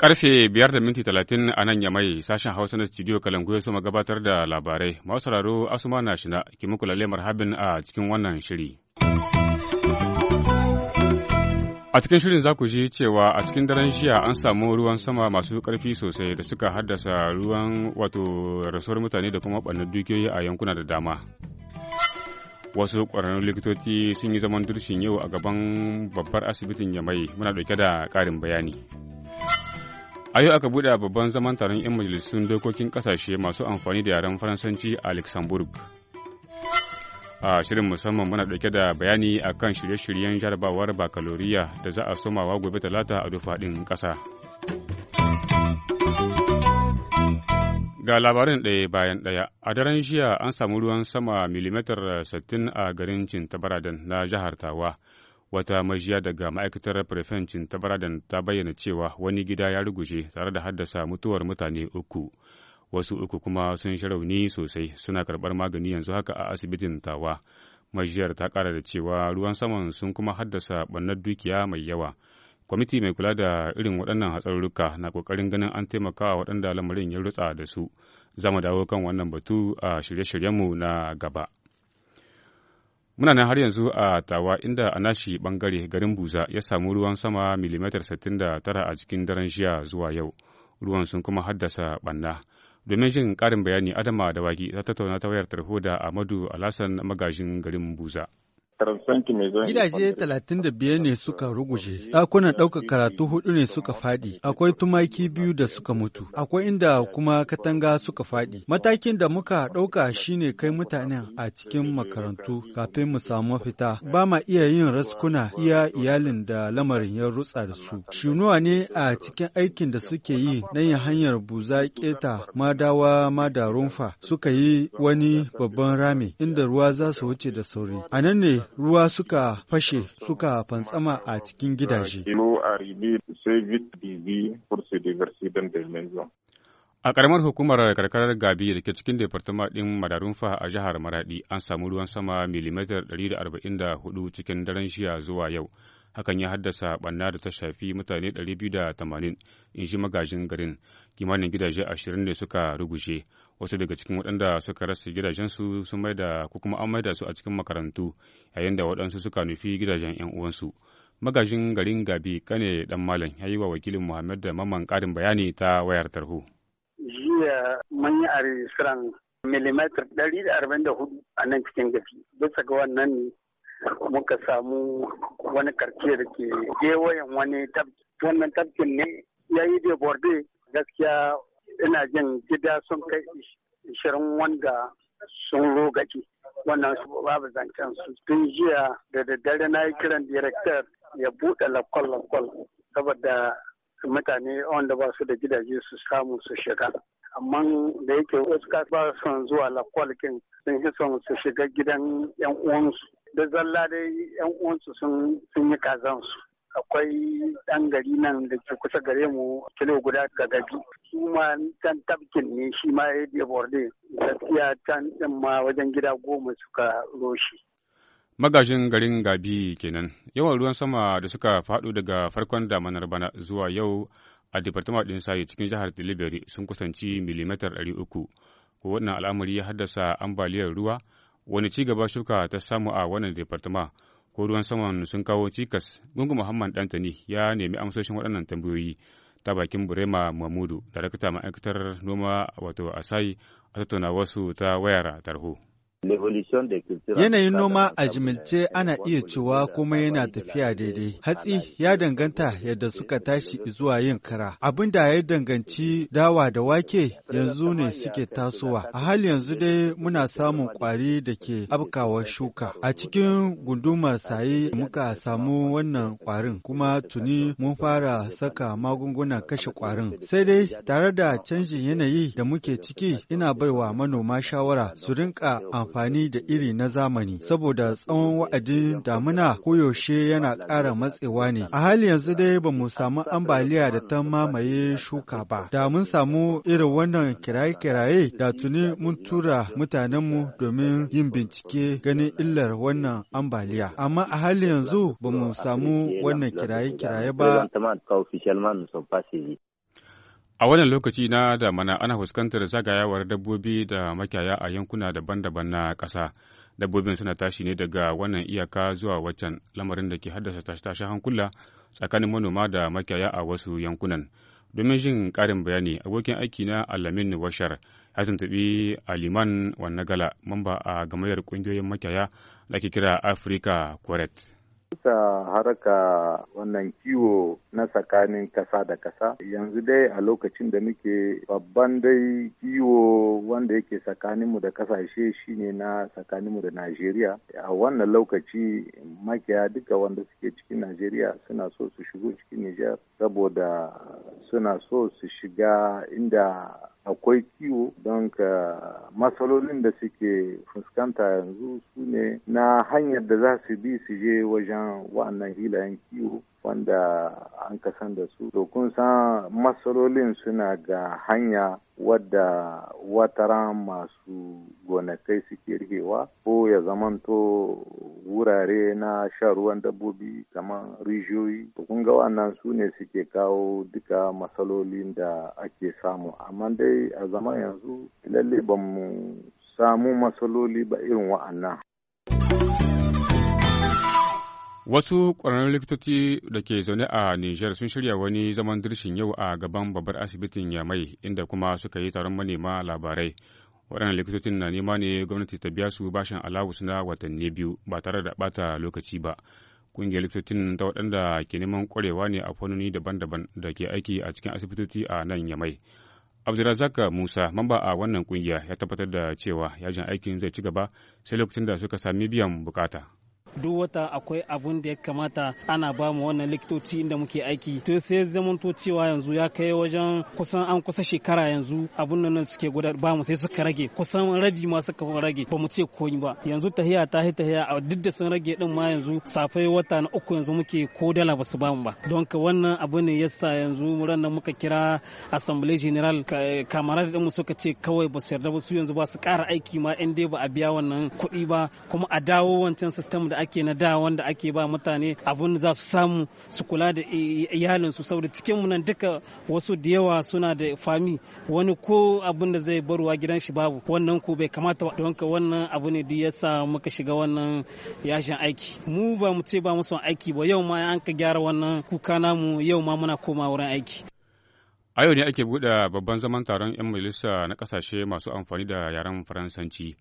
karfe biyar da minti talatin a nan yamai sashen hausa na studio kalangu ya ma gabatar da labarai masu sauraro asuma na shina ki muku lalle marhabin a cikin wannan shiri. A cikin shirin za ku ji cewa a cikin daren jiya an samu ruwan sama masu ƙarfi sosai da suka haddasa ruwan wato rasuwar mutane da kuma ɓannar dukiyoyi a yankuna da dama. Wasu ƙwararrun likitoci sun yi zaman durshin yau a gaban babbar asibitin Yamai muna ɗauke da ƙarin bayani. A yau aka buɗe babban zaman taron 'yan majalisun dokokin ƙasashe masu amfani da yaren Faransanci a Luxembourg. a shirin musamman muna dauke da bayani a kan shirye-shiryen jarabawar bakaloriya da za a somawa gobe talata a dufaɗin ƙasa ga labarin ɗaya bayan ɗaya a daren jiya an samu ruwan sama milimitar 60 a garin cintabaradan na jihar tawa wata majiya daga ma'aikatar prefen cintabaradan ta bayyana cewa wani gida ya ruguje tare da haddasa mutuwar mutane uku wasu uku kuma sun shi rauni sosai suna karɓar magani yanzu haka a asibitin tawa majiyar ta kara da cewa ruwan saman sun kuma haddasa ɓannar dukiya mai yawa kwamiti mai kula da irin waɗannan hatsarurruka na ƙoƙarin ganin an taimaka wa waɗanda lamarin ya rutsa da su za mu dawo kan wannan batu a shirye-shiryenmu na gaba muna nan har yanzu a tawa inda a nashi ɓangare garin buza ya samu ruwan sama milimetar 69 a cikin daren jiya zuwa yau ruwan sun kuma haddasa ɓanna Domin jin ƙarin bayani Adama da Wagi ta tattauna ta wayar tarho da Amadu Alhassan magajin garin Buza. Gidaje talatin da biyar ne suka ruguje, ɗakunan ɗaukar karatu hudu ne suka faɗi, akwai tumaki biyu da suka mutu, akwai inda kuma katanga suka faɗi. Matakin da muka ɗauka shine kai mutane. a cikin makarantu kafin mu samu fita Ba ma iya yin raskuna iya iyalin da lamarin ya rutsa da su. Shunuwa ne a cikin aikin da suke yi na yin hanyar buza keta madawa Rumfa suka yi wani babban rami inda ruwa za su wuce da sauri. A nan ne ruwa suka fashe suka fantsama a cikin gidaje. A ƙaramar hukumar karkarar Gabi da ke cikin departama ɗin Madarunfa a jihar Maraɗi an samu ruwan sama milimetar 144 cikin daren shiya zuwa yau. Hakan ya haddasa ɓanna da ta shafi mutane 280 in ji magajin garin kimanin gidaje ashirin ne suka rugushe wasu daga cikin waɗanda suka rasa gidajensu sun da ko kuma an mai da su a cikin makarantu yayin da waɗansu suka nufi gidajen 'yan uwansu magajin garin gabi kane dan malam ya wa wakilin muhammad da mamman karin bayani ta wayar tarho jiya mun yi a siran milimetar ɗari da arba'in da hudu a nan cikin gafi bisa ga wannan muka samu wani karce da ke gewayen wani tabki wannan tabkin ne ya yi de borde gaskiya ina jin gida sun kai ishirin wanda sun rogaji wannan su babu zancen su tun jiya da daddare na yi kiran director ya buɗe lakwal-lakwal saboda mutane wanda ba su da gidaje su samu su shiga amma da yake wasu ba son zuwa kin sun fi son su shiga gidan yan uwansu da zalla dai yan uwansu sun yi kazansu akwai ɗan gari nan da ke kusa gare mu kilo guda ga gabi su ma can tafkin ne shi ma ya yi borde gaskiya can ɗin ma wajen gida goma suka roshi. Magajin garin Gabi kenan yawan ruwan sama da suka faɗo daga farkon damanar bana zuwa yau a Departement ɗin sayi cikin jihar Tilibiri sun kusanci milimetar ɗari uku. Ko wannan al'amari ya haddasa ambaliyar ruwa wani cigaba shuka ta samu a wannan Departement ko ruwan saman sun kawo cikas gungun muhammad dantani ya nemi amsoshin waɗannan tambayoyi ta bakin burema mamudu darakta ma'aikatar noma wato asai a tattauna wasu ta wayar tarho. Yanayin noma a jimilce ana iya cewa kuma yana tafiya daidai. Hatsi ya danganta yadda suka tashi zuwa yin kara. Abin da ya danganci dawa da wake yanzu ne suke tasowa. A hali yanzu dai muna samun kwari da ke abkawa shuka. A cikin gundumar sayi muka samu wannan kwarin kuma tuni mun fara saka magungunan kashe kwarin. Sai dai tare da canjin yanayi da muke ciki ina baiwa manoma shawara su rinka amfani amfani da iri na zamani saboda tsawon wa'adin damuna koyaushe yana ƙara matsewa ne. A hali yanzu dai ba mu samu ambaliya da ta mamaye shuka ba. Da mun samu irin wannan kiraye-kiraye da tuni mun tura mutanenmu domin yin bincike ganin illar wannan ambaliya. Amma a hali yanzu ba mu samu wannan kiraye-kiraye ba. A wannan lokaci na da mana ana fuskantar zagayawar dabbobi da makiyaya a yankuna daban-daban na ƙasa. Dabbobin suna tashi ne daga wannan iyaka zuwa waccan lamarin da ke haddasa tashi-tashi hankula tsakanin manoma da makiyaya a wasu yankunan. Domin jin ƙarin bayani, abokin aiki na Alamin Washar ya tuntuɓi Aliman Wannagala, mamba a gamayar ƙungiyoyin makiyaya da ke kira Afirka Kwaret. Bisa haraka wannan kiwo na tsakanin kasa da kasa yanzu dai a lokacin da muke babban dai kiwo wanda yake tsakaninmu da kasashe shine na tsakaninmu da Najeriya. A wannan lokaci makiya duka wanda suke cikin Najeriya suna so su shigo cikin Nijar saboda suna so su shiga inda akwai kiwo don ka matsalolin da suke fuskanta yanzu su ne na hanyar da za su bi su je wajen wa'annan hilayen kiwo wanda an kasan da su. To kun san matsalolin suna ga hanya wadda watara masu gonakai suke rikewa ko ya zamanto wurare na shan ruwan dabbobi kamar rijiyoyi to kun ga wannan su ne suke kawo duka matsalolin da ake samu amma dai a zaman yanzu lalle ba mu samu masaloli ba irin wa'annan Wasu ƙwararrun likitoci da ke zaune a Nijar sun shirya wani zaman dirshin yau a gaban babbar asibitin Yamai inda kuma suka yi taron manema labarai. Waɗannan likitocin na nema ne gwamnati ta biya su bashin alawus na watanni biyu ba tare da bata lokaci ba. Ƙungiyar likitocin ta waɗanda ke neman ƙwarewa ne a fannoni daban-daban da ke aiki a cikin asibitoci a nan Yamai. Abdulrazak Musa, mamba a wannan ƙungiya, ya tabbatar da cewa yajin aikin zai ci gaba sai lokacin da suka sami biyan bukata. duk wata akwai abun da ya kamata ana ba mu wannan likitoci inda muke aiki to sai zamanto cewa yanzu ya kai wajen kusan an kusa shekara yanzu abun nan suke guda ba mu sai suka rage kusan rabi ma suka rage ba mu ce koyi ba yanzu tahiya ta hi tahiya a duk da sun rage din ma yanzu safai wata na uku yanzu muke ko dala ba su ba mu ba don ka wannan abu ne yasa yanzu ran nan muka kira assembly general kamarar din mu suka ce kawai ba su yarda ba su yanzu ba su kara aiki ma in dai ba a biya wannan kuɗi ba kuma a dawo wancan system da ake na da wanda ake ba mutane abun za su samu su kula da iyalinsu su saboda cikin mu nan duka wasu da yawa suna da fami wani ko abun da zai barwa gidan shi babu wannan ko bai kamata ba don wannan abu ne da yasa muka shiga wannan yashin aiki mu ba mu ce ba mu son aiki ba yau ma an ka gyara wannan kuka namu yau ma muna koma wurin aiki A yau ne ake buɗe babban zaman taron 'yan majalisa na kasashe masu amfani da yaren Faransanci.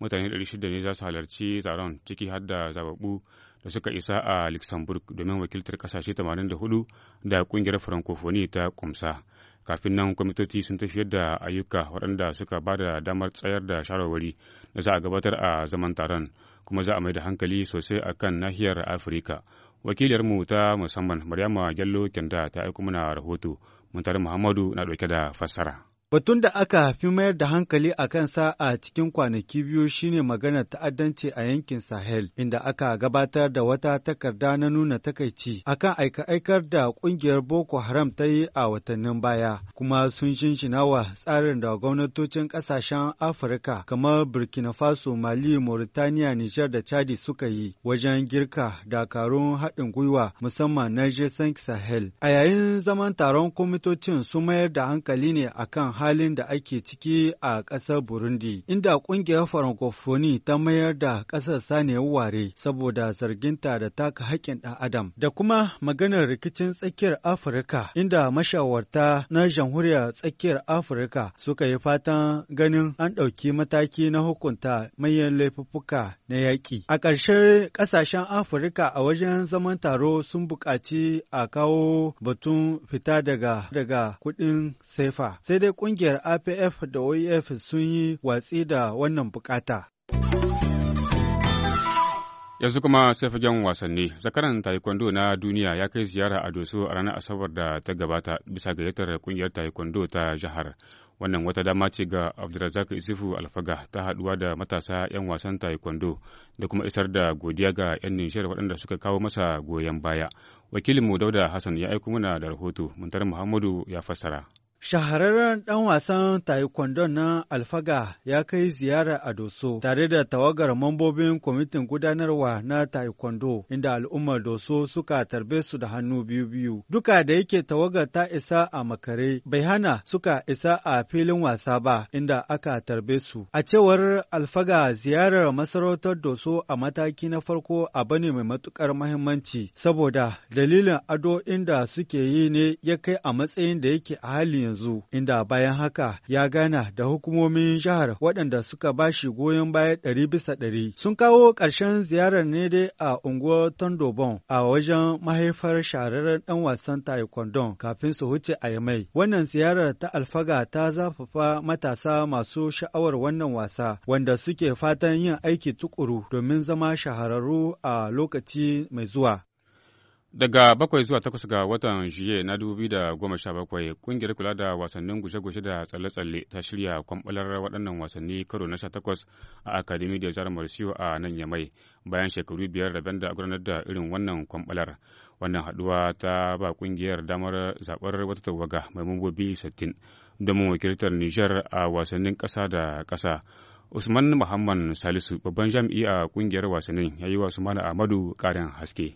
mutane 600 ne za su halarci taron ciki har da zababbu da suka isa a luxembourg domin wakiltar kasashe 84 da kungiyar francophonie ta kumsa kafin nan kwamitoci sun tafiyar da ayyuka waɗanda suka ba da damar tsayar da shawarwari da za a gabatar a zaman taron kuma za a mai da hankali sosai a kan nahiyar afirka wakiliyarmu ta musamman maryama gyallo kyanda ta aiko mana rahoto muntari muhammadu na ɗauke da fassara Batun da aka fi mayar da hankali a kansa a cikin kwanaki biyu shine maganar ta'addanci a yankin Sahel, inda aka gabatar da wata takarda na nuna takaici akan aika-aikar da kungiyar Boko Haram ta yi a watannin baya, kuma sun shinshina wa tsarin da gwamnatocin ƙasashen Afirka kamar Burkina Faso, Mali, Mauritania, Niger da Chadi suka yi wajen girka dakarun haɗin gwiwa musamman Niger Sahel. A yayin zaman taron kwamitocin sun mayar da hankali ne akan halin da ake ciki a ƙasar Burundi, inda ƙungiyar Farankofoni ta mayar da ƙasar Saniya ware saboda zarginta da taka haƙƙin ɗan Adam, da kuma maganar rikicin tsakiyar Afirka, inda mashawarta na jamhuriyar tsakiyar Afirka suka yi fatan ganin an ɗauki mataki na hukunta manyan laifuffuka na yaƙi. A ƙarshe ƙasashen Afirka a wajen zaman taro sun buƙaci a kawo batun fita daga daga kuɗin sefa sai dai ƙungiyar APF da OEF sun yi watsi da wannan bukata. yanzu kuma sai fagen wasanni zakaran taekwondo na duniya ya kai ziyara a doso a ranar asabar da ta gabata bisa gayyatar kungiyar taekwondo ta jihar wannan wata dama ce ga abdulrazak isufu alfaga ta haduwa da matasa 'yan wasan taekwondo da kuma isar da godiya ga 'yan nishiyar waɗanda suka kawo masa goyon baya wakilinmu dauda hassan ya aiko mana da rahoto muntar muhammadu ya fassara Shahararren ɗan wasan taekwondo na Alfaga ya kai ziyara a Doso tare da tawagar mambobin kwamitin gudanarwa na taekwondo inda al'ummar Doso suka tarbe su da hannu biyu-biyu. Duka da yake tawagar ta isa a makare, bai hana suka isa a filin wasa ba inda aka tarbe su. A cewar Alfaga ziyarar masarautar Doso a mataki na farko a ne mai matukar mahimmanci saboda dalilin ado inda suke yi ne ya kai a matsayin da yake a halin yanzu, inda bayan haka ya gana da hukumomin jihar waɗanda suka ba shi goyon baya ɗari bisa ɗari. Sun kawo ƙarshen ziyarar ne dai a unguwar Tondobon a wajen mahaifar shahararren ɗan wasan Taekwondo kafin su huce a mai. Wannan ziyarar ta alfaga ta zafafa matasa masu sha'awar wannan wasa wanda suke fatan yin aiki tukuru domin zama shahararru a lokaci mai zuwa. Daga bakwai zuwa takwas ga watan Juye na dubu da goma sha bakwai kungiyar kula da wasannin gushe-gushe da tsalle-tsalle ta shirya kwamɓalar waɗannan wasanni karo na sha takwas a Akademi da Zara siyo a nan Yamai bayan shekaru biyar ban da gudanar da irin wannan kwamɓalar. Wannan haɗuwa ta ba kungiyar damar zaɓar wata tawaga mai mambobi sittin domin wakiltar Nijar a wasannin ƙasa da ƙasa. Usman Muhammad Salisu babban jami'i a kungiyar wasannin ya yi wa Sumana Ahmadu ƙarin haske.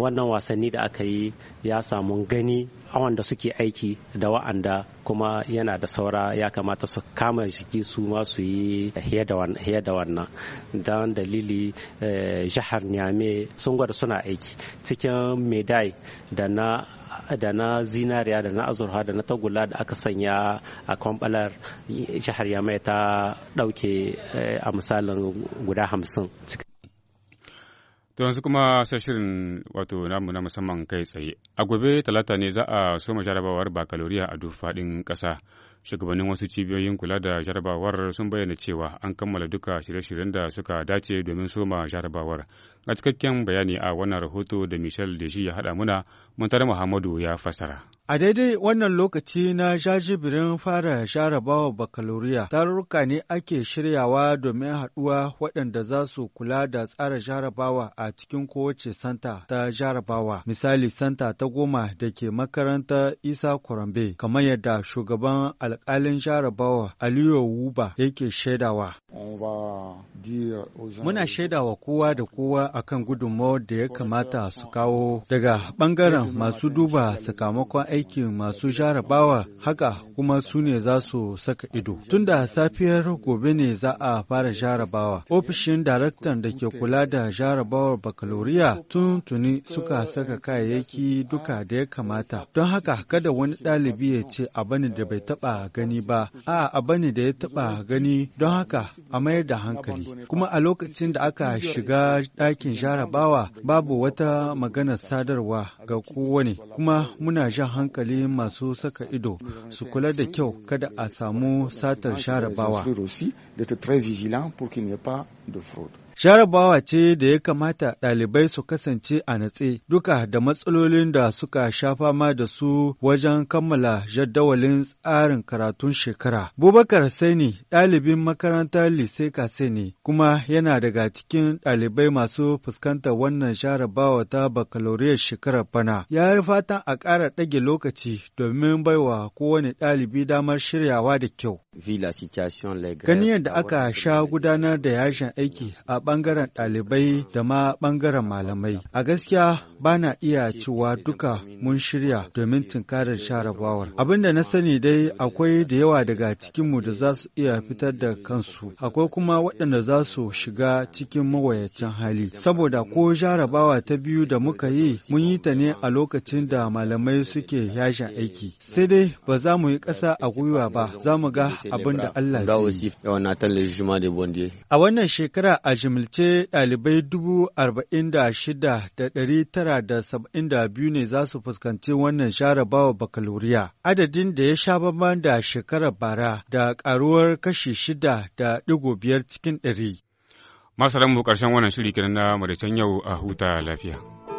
wannan wasanni da aka yi ya samu gani a wanda suke aiki da wa'anda kuma yana da saura ya kamata su kama jiki su ma yi hiyar da wannan don dalili eh, jihar nyame sun gwada suna aiki cikin medai da na da na zinariya da na azurha da na tagula da aka sanya a kwambalar jihar yamai ta dauke eh, a misalin guda hamsin To yanzu kuma sai shirin wato namu na musamman kai tsaye. A gobe talata ne za a soma jarabawar bakaloriya a duk faɗin ƙasa. shugabannin wasu cibiyoyin kula da jarabawar sun bayyana cewa an kammala duka shirye-shiryen da suka dace domin soma jarabawar a cikakken bayani a wannan rahoto da michel shi ya haɗa muna muntar muhammadu ya fasara a daidai wannan lokaci na jajibirin fara jarabawa bakaloriya tarurruka ne ake shiryawa domin haɗuwa waɗanda za su kula da tsara jarabawa a cikin kowace santa ta jarabawa misali santa ta goma da ke makaranta isa kurambe kamar yadda shugaban alƙalin jarabawa Aliyu Wuba yake shaidawa. Muna shaidawa kowa da kowa akan gudunmawar da ya kamata su kawo daga ɓangaren masu duba sakamakon aikin masu jarabawa haka kuma su ne za su saka ido. Tunda safiyar gobe ne za a fara jarabawa. Ofishin daraktan da ke kula da jarabawar bakaloriya tun tuni suka saka kayayyaki duka da ya kamata. Don haka kada wani ɗalibi ya ce abin da bai taɓa taɓa gani ba, a abu ne da ya taɓa gani don haka a mayar da hankali. Kuma a lokacin da aka shiga ɗakin jarabawa babu wata magana sadarwa ga kowane, kuma muna jan hankali masu saka ido su kula da kyau kada a samu satar jarabawa. Jarabawa ce da ya kamata ɗalibai su kasance a natse duka da matsalolin da suka sha fama da su wajen kammala jadawalin tsarin karatun shekara. Bubakar Saini ɗalibin makarantar Lise Kaseni kuma yana daga cikin ɗalibai masu fuskantar wannan jarabawa ta baccalaureate shekarar bana. Ya yi fatan a ƙara ɗage lokaci domin baiwa kowane ɗalibi damar shiryawa da kyau. Gani yadda aka sha gudanar da yashin aiki a ɓangaren ɗalibai da ma ɓangaren malamai. A gaskiya ba na iya cewa duka mun shirya domin tunkarar sharabawar Abin da na sani dai akwai da yawa daga cikinmu da za su iya fitar da kansu, akwai kuma waɗanda za su shiga cikin mawayacin hali. Saboda ko jarabawa ta biyu da muka yi, mun yi ta ne a lokacin da malamai suke yashin aiki. Sai dai ba za mu yi ƙasa a gwiwa ba, za mu ga abin da Allah zai yi. A wannan shekara a jimilce ɗalibai dubu arba'in da shida da ɗari tara da saba'in da biyu ne za su fuskanci wannan bawa bakaloriya. Adadin da ya sha bamban da shekarar bara da ƙaruwar kashi shida da ɗigo biyar cikin ɗari. Masu mu ƙarshen wannan shiri kenan na maricen yau a huta lafiya.